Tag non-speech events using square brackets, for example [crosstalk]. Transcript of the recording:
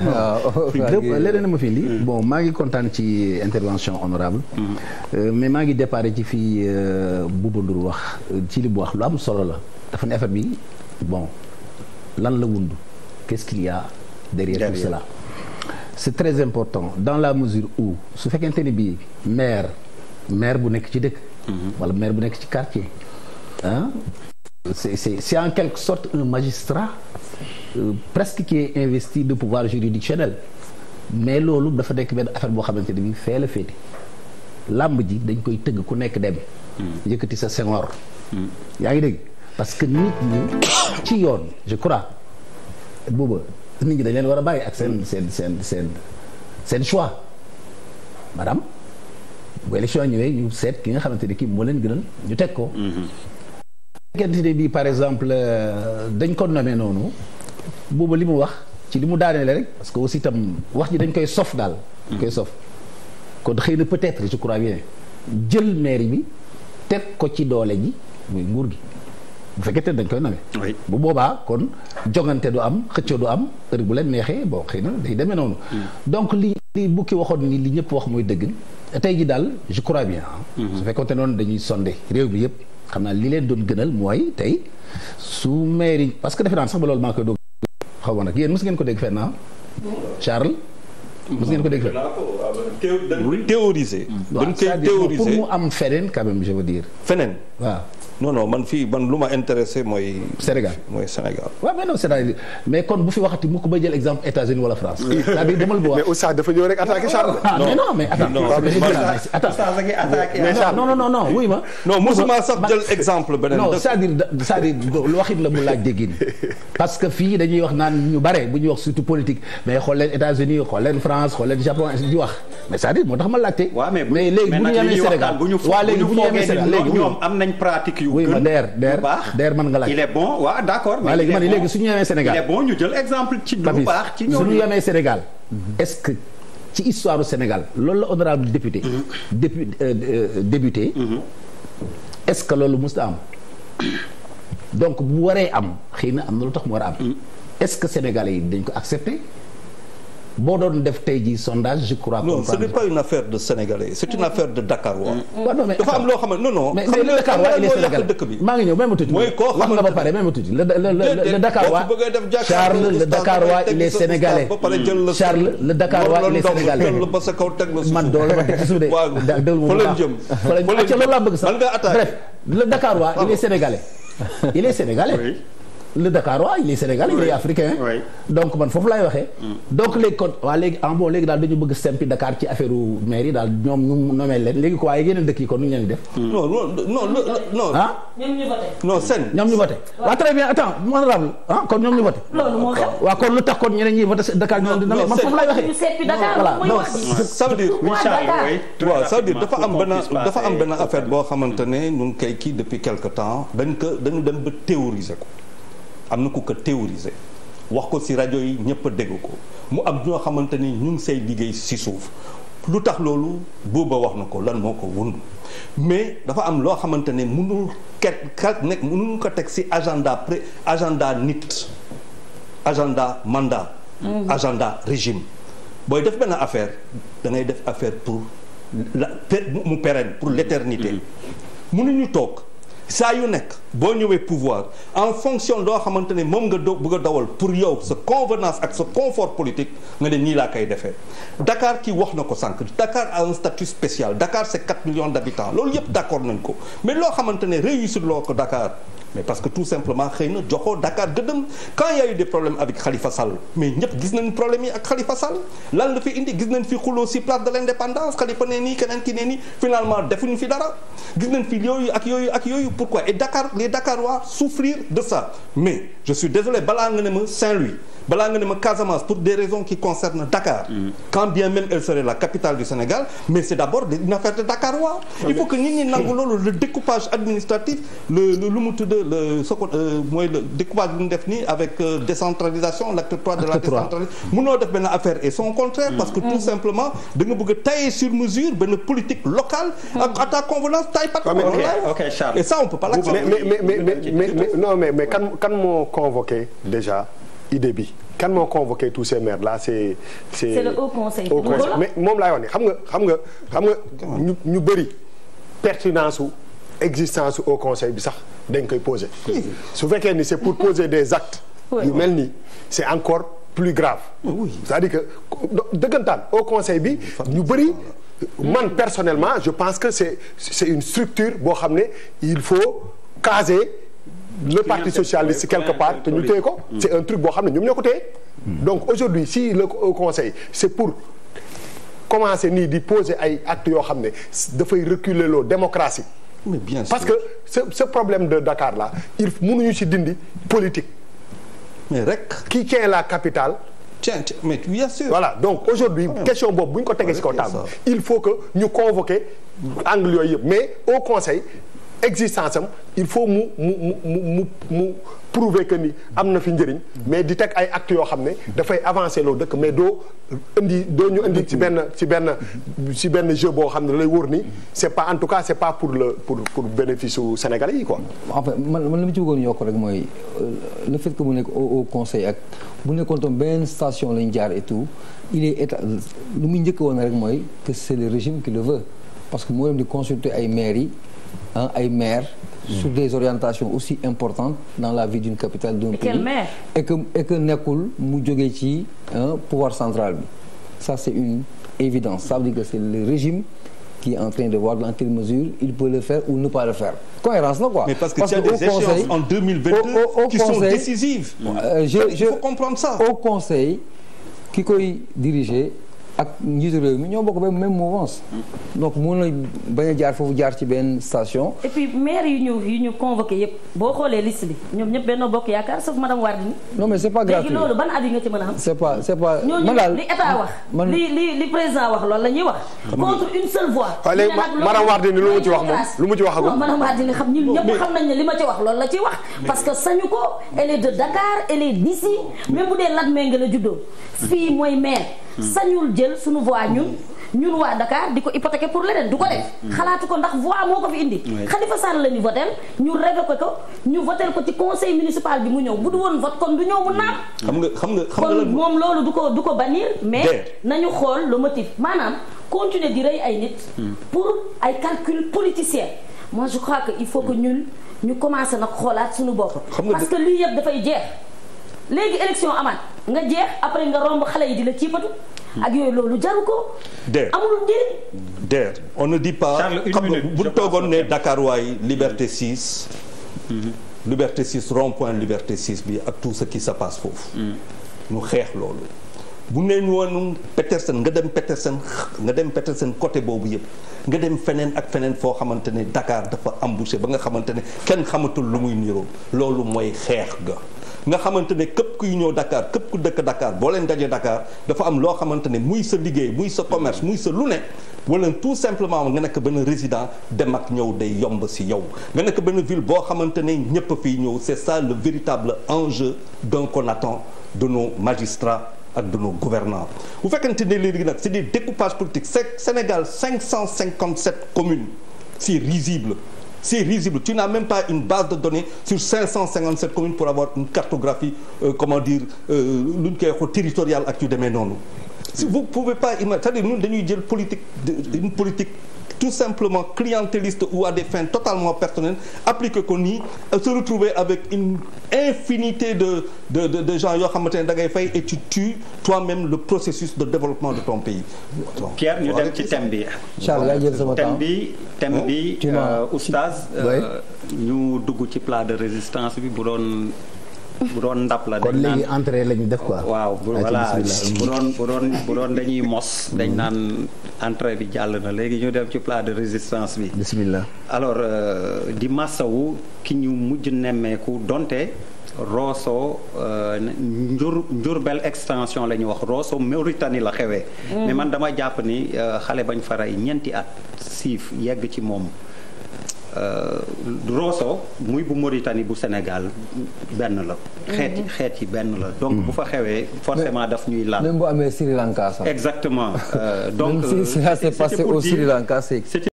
Ah, oh, na ma fi indi mm. bon maa ngi kontaan ci intervention honorable mm. euh, mais maa ngi départ ci fii euh, Bouba Ndour wax ci li bu wax lu am solo la dafa ne affaire bi bon lan la wund qu'est-ce qu'il y a derrière tout cela c'est très important dans la mesure ou su fekkente ni bii maire maire bu nekk ci dëkk mm-hmm. wala maire bu nekk ci quartier c'est c'est c'est en quelque sorte un magistrat euh, presque qui est investi de pouvoir juridictionnel mais loolu dafa nekk benn affaire boo xamante ne bii fee la féete làmb ji dañ koy tëgg ku nekk dem. Hmm. yëkkati sa sengoor. Hmm. yaa ngi dégg parce que nit ñi [coughs] ci yoon je crois booba nit ñi dañ leen war a bàyyi ak seen seen seen seen seen choix madame bu élection ñëwee ñu seet ki nga xamante ne kii moo leen gënal ñu teg ko. Hmm. fekkente ne bii par exemple euh, dañ ko nommé noonu booba li mu wax ci li mu daaneele rek parce que aussi tam wax ji dañ koy sof daal. koy sof kon xëy na peut-être je crois jël mairie bi teg ko ci doole ji muy nguur gi bu fekkente ne dañ koy nommé. bu boobaa kon jongante du am xëccoo du am heure bu leen neexee boo xëy na dañ demee noonu. Mm. donc li li bukki waxoon ni li ñëpp wax mooy dëgg tey ji daal je crois bien. Mm-hmm. su fekkoonte noonu dañuy sondé réew bi yëpp. xam naa li leen doon gënal mooy tey su maire parce que defe naan sax ba loolu maa koy doog xaw ma nag yéen mës ngeen ko dégg fenn ah Charles mës ngeen ko dégg fenn théorisé dañ koy am feneen quand même je veux feneen waaw non non man fii man lu ma intéressé mooy. Sénégal mooy Sénégal. jël exemple beneen. non mu laaj déggin [laughs] parce que fii dañuy wax naan ñu bare bu ñuy wax surtout politique mais xool leen États-Unis xool leen France xool leen Japon di wax mais cest moo tax ma laajte. mais léegi bu ñu yemee Sénégal waaw léegi bu ñu yemee Sénégal léegi ñoom am nañ pratique yu oui ma DER DER DER mën nga laaj. il est bon waaw d'accord. mais léegi man léegi su ñu yemee Sénégal il est bon ñu jël exemple. ci lu baax ci ñoom su ñu yemee Sénégal. Mhm. est-ce que ci histoire du Sénégal loolu la honorable député. Mhm. dépu euh, euh, débuté. Mhm. est-ce que loolu mës na am. donc bu waree am xëy na am na lu tax mu war am. est-ce que sénégalais yi dañ ko accepter. boo doon def tey jii sondage je crois. non ce n'est pas une affaire de sénégalais c'est une affaire mm. Mm. am loo xam ne non non. mais Dakar waa il est sénégalais maa ngi ñëw même tuuti. mooy koo xam nga ba pare même tuuti le le le waa. Charles le Dakar waa il est sénégalais. Charles le Dakar waa il est sénégalais. man doo la ma teg ci suuf de. daa déglu la bref le Dakar waa il est sénégalais le Dakarois il est sénégalais il est africain. donc man foofu laay waxee. Mm. donc léegi kon waa léegi en bon léegi daal dañu bëgg sempi Dakar ci affaire mairie daal ñoom ñu nomee leen léegi quoi waaye yeneen dëkk yi kon nu ñu leen def. Mm. non non non non. ah ñoom ñu voté. non seen ñoom ñu voté. waaw ah, très ah kon ñoom ñu voté. waa moo xam waaw kon lu tax kon ñeneen ñi voté Dakar ñoom di nomee man foofu laay waxee. voilà non dafa am benn dafa am benn affaire boo xamante ne ñu ngi koy kii depuis quelque temps dañ ko dañu dem ba théoriser ko am na ku ko théoriser wax ko si rajo yi ñëpp a dégg ko mu am ñoo xamante ni ñu ngi say liggéey si suuf lu tax loolu booba wax na ko lan moo ko wund mais dafa am loo xamante ne mënul ket ka ko teg ci agenda pré agenda nit agenda mandat mm-hmm. agenda régime booy def benn affaire da ngay def affaire pour la mu pérenne pour l'éternité mm-hmm. ñu toog saa yu nekk boo ñëwee pouvoir en fonction loo xamante ne moom nga do bëgg a dawal pour yow sa convenance ak sa confort politique nga ne nii laa koy defee dakaar kii wax na ko sànq Dakar a un statut spécial Dakar c'est 4 millions d'habitants loolu yëpp d'accord nañ ko mais loo xamante ne réussir loo ko dakaar mais parce que tout simplement xëy na joxoo Dakar gëddëm quand il y a eu des problèmes avec Khalifa Sall mais ñëpp gis nañ problème yi ak Khalifa Sall lan la fi indi gis nañ fi xuloo si place de l'indépendance Khalifa ne nii keneen ki ne nii finalement defuñu fi dara gis nañ fi yooyu ak yooyu ak yooyu pourquoi et Dakar dakaar Dakarois souffrir de ça mais je suis désolé balaa nga ne ma Saint-Louis balaa nga ne ma Casamance pour des raisons qui concernent Dakar. Mm. quand bien même elle serait la capitale du Sénégal mais c' est d' abord une affaire de Dakar waaw. il faut que nit ñi le découpage administratif le lu mu tudd le soo ko euh, mooy le découpage bu ñu def nii avec euh, décentralisation l' acte trois de la décentralisation. munoo def benn affaire et son contraire. Mm. parce que mm. tout simplement da nga bëgg a tailler sur mesure benn politique locale. ak à ta convenance taille pas. Ah, ok Charles et ça on peut pas l' accepter mais mais mais non mais kan kan moo convoqué déjà. idée bi kan moo convoqué tous ces maires la c'est c'est c'est le haut conseil mais moom laay wax ni xam nga xam nga xam nga ñu ñu bëri pertinance su existence au conseil bi sax dañ koy poser su fekkee ni c'est pour poser des actes yu mel nii c'est encore plus grave c'est-à-dire que dëggantaan au conseil bi ñu bëri man personnellement je pense que c'est c'est une structure boo xam ne il faut caser le parti socialiste quelque part te ñu téye ko c'est un truc boo xam ne ñoom ñoo ko téye donc aujourd'hui si le euh, conseil c'est pour commencer nii di poser ay actes yoo xam ne dafay reculer loo démocratie bien sûr parce que ce ce problème de Dakar là il ñu si dindi politique mais rek qui tient la capital tiens mais bien sûr voilà donc aujourd'hui ah, question boobu bu ñu ko tegee si kaw table il faut que ñu convoquer angle yooyu yëpp mais au conseil existence am il faut mu mu mu mu mu prouver que ni am na fi njëriñ mais di teg ay actes yoo xam ne dafay avancer loo dëkk mais doo indi doo ñu indi ci benn ci benn ci benn jeu boo xam ne lay wóor ni c'est pas en tout cas c'est pas pour le pour pour bénéfice u Sénégalais yi quoi. en fait man man li ma ci bëggoon yokk rek mooy euh, le fait que mu nekk au conseil ak bu nekkoon tam benn station lañ jaar et tout il est état lu muy njëkk woon rek mooy que c'est le régime qui le veut parce que moo dem di consulter ay maires yi. hein, ay maires des orientations aussi importantes dans la vie capitale que nekkul mu jógee ci pouvoir central bi ça c'est une évidence ça veut dire que c'est en train de voir dans quelle parce que parce tu as que des échéances conseil, en 2022 ki koy ak njiitu réew mi ñoo bokk ba même mouvance donc mun na bañ a jaar foofu jaar ci benn station. et puis maire yu ñu yu ñu convoqué yëpp boo xoolee list bi ñoom ñëpp benn bokk yaakaar sauf madame Wardini. non mais ci a am. c' est pas c' est pas man daal li état wax. li li la ñuy wax. contre une seule voix. waaw ah, léegi madame Wardini lu mu ci wax moom lu mu ci wax ak moom. madame Wardini xam ñun ñëpp xam nañ li ma ci wax loolu la ci wax. parce que sañu ko elle est de Dakar elle est d' ici même bu dee Latmingué la juddoo fii mooy maire sañul jël suñu voix ñun ñun waa Dakar di ko hypothéquer pour leneen du ko def xalaatu ko ndax voix moo ko fi indi Khalifa Sall la ñu votel ñu révoqué ko ko ñu votel ko ci conseil municipal bi mu ñëw bu du woon vote kon du ñëw mu naam xam nga xam nga xam nga moom loolu du ko du ko bannir mais nañu xool le motif maanaam continuer di rey ay nit hmm. pour ay calcul politicien moi je crois que il faut que ñun ñu commencé nag xoolaat suñu bopp parce que lii yëpp dafay jeex léegi élection amaat nga jeex après nga romb xale yi di la ciipatu. ak yooyu loolu jaru ko. der amul njëriñ. der on ne dit pas. bu toogoon ne Dakar waay Liberté 6. Liberté 6 rond-point Liberté 6 bi ak tout ce qui se passe foofu. ñu xeex loolu. bu ne ñu woon Petersen nga dem Petersen nga dem Petersen côté boobu yëpp nga dem feneen ak feneen foo xamante ne Dakar dafa embouché ba nga xamante ne kenn xamatul lu muy niroo loolu mooy xeex ga. nga xamante ne képp kuy ñëw Dakar képp ku dëkk Dakar boo leen dajee Dakar dafa am loo xamante ne muy sa liggéey muy sa commerce muy sa lu ne wala tout simplement nga nekk benn résident dem ak ñëw day yomb si yow nga nekk benn ville boo xamante ne ñëpp fiy ñëw c'est ça le véritable enjeu donc qu'on attend de nos magistrats ak de nos gouvernants bu fekkente ne léegi nag c'est des découpages politiques Sénégal commune communes c'est risible C'est risible. Tu de données sur 557 communes pour avoir une cartographie, euh, comment dire, euh, demee noonu. Si vous pouvez pas imaginer, cest à politique tout simplement clientéliste ou à des fins totalement personnelles appliqué ko nii euh, se retrouver avec une infinité de de de, de gens yoo xamante ne da ngay fay et tu tues toi-même le processus de développement de ton pays. Pierre ñu dem ci thème bi. Charles nga jël sama bi thème euh, euh, ñu dugg ci plat de résistance bi bu bu doon ndab la. kon léegi entrée lañu def ko waaw bu voilà bu doon bu doon dañuy mos. dañ hmm. naan entrée bi jàll na léegi ñu dem ci plat de résistance bi. bismillah alors euh, di massawu ki ñu mujj nemmeeku donte. Rosso euh, njur njurbel extension la ñuy wax Rosso Mauritanie la xewee. Hmm. mais man dama jàpp ni euh, xale bañ fa rey ñeenti at siif yegg ci moom. Euh, Rosso muy bu Mauritanie bu Sénégal benn la. xeet mhm. xeeti benn la. donc bu fa xewee mhm. forcément daf ñuy laal. même bu amee Sri Lanka sax. exactement euh, donc. même si ça euh, s'est au Sri Lanka c'est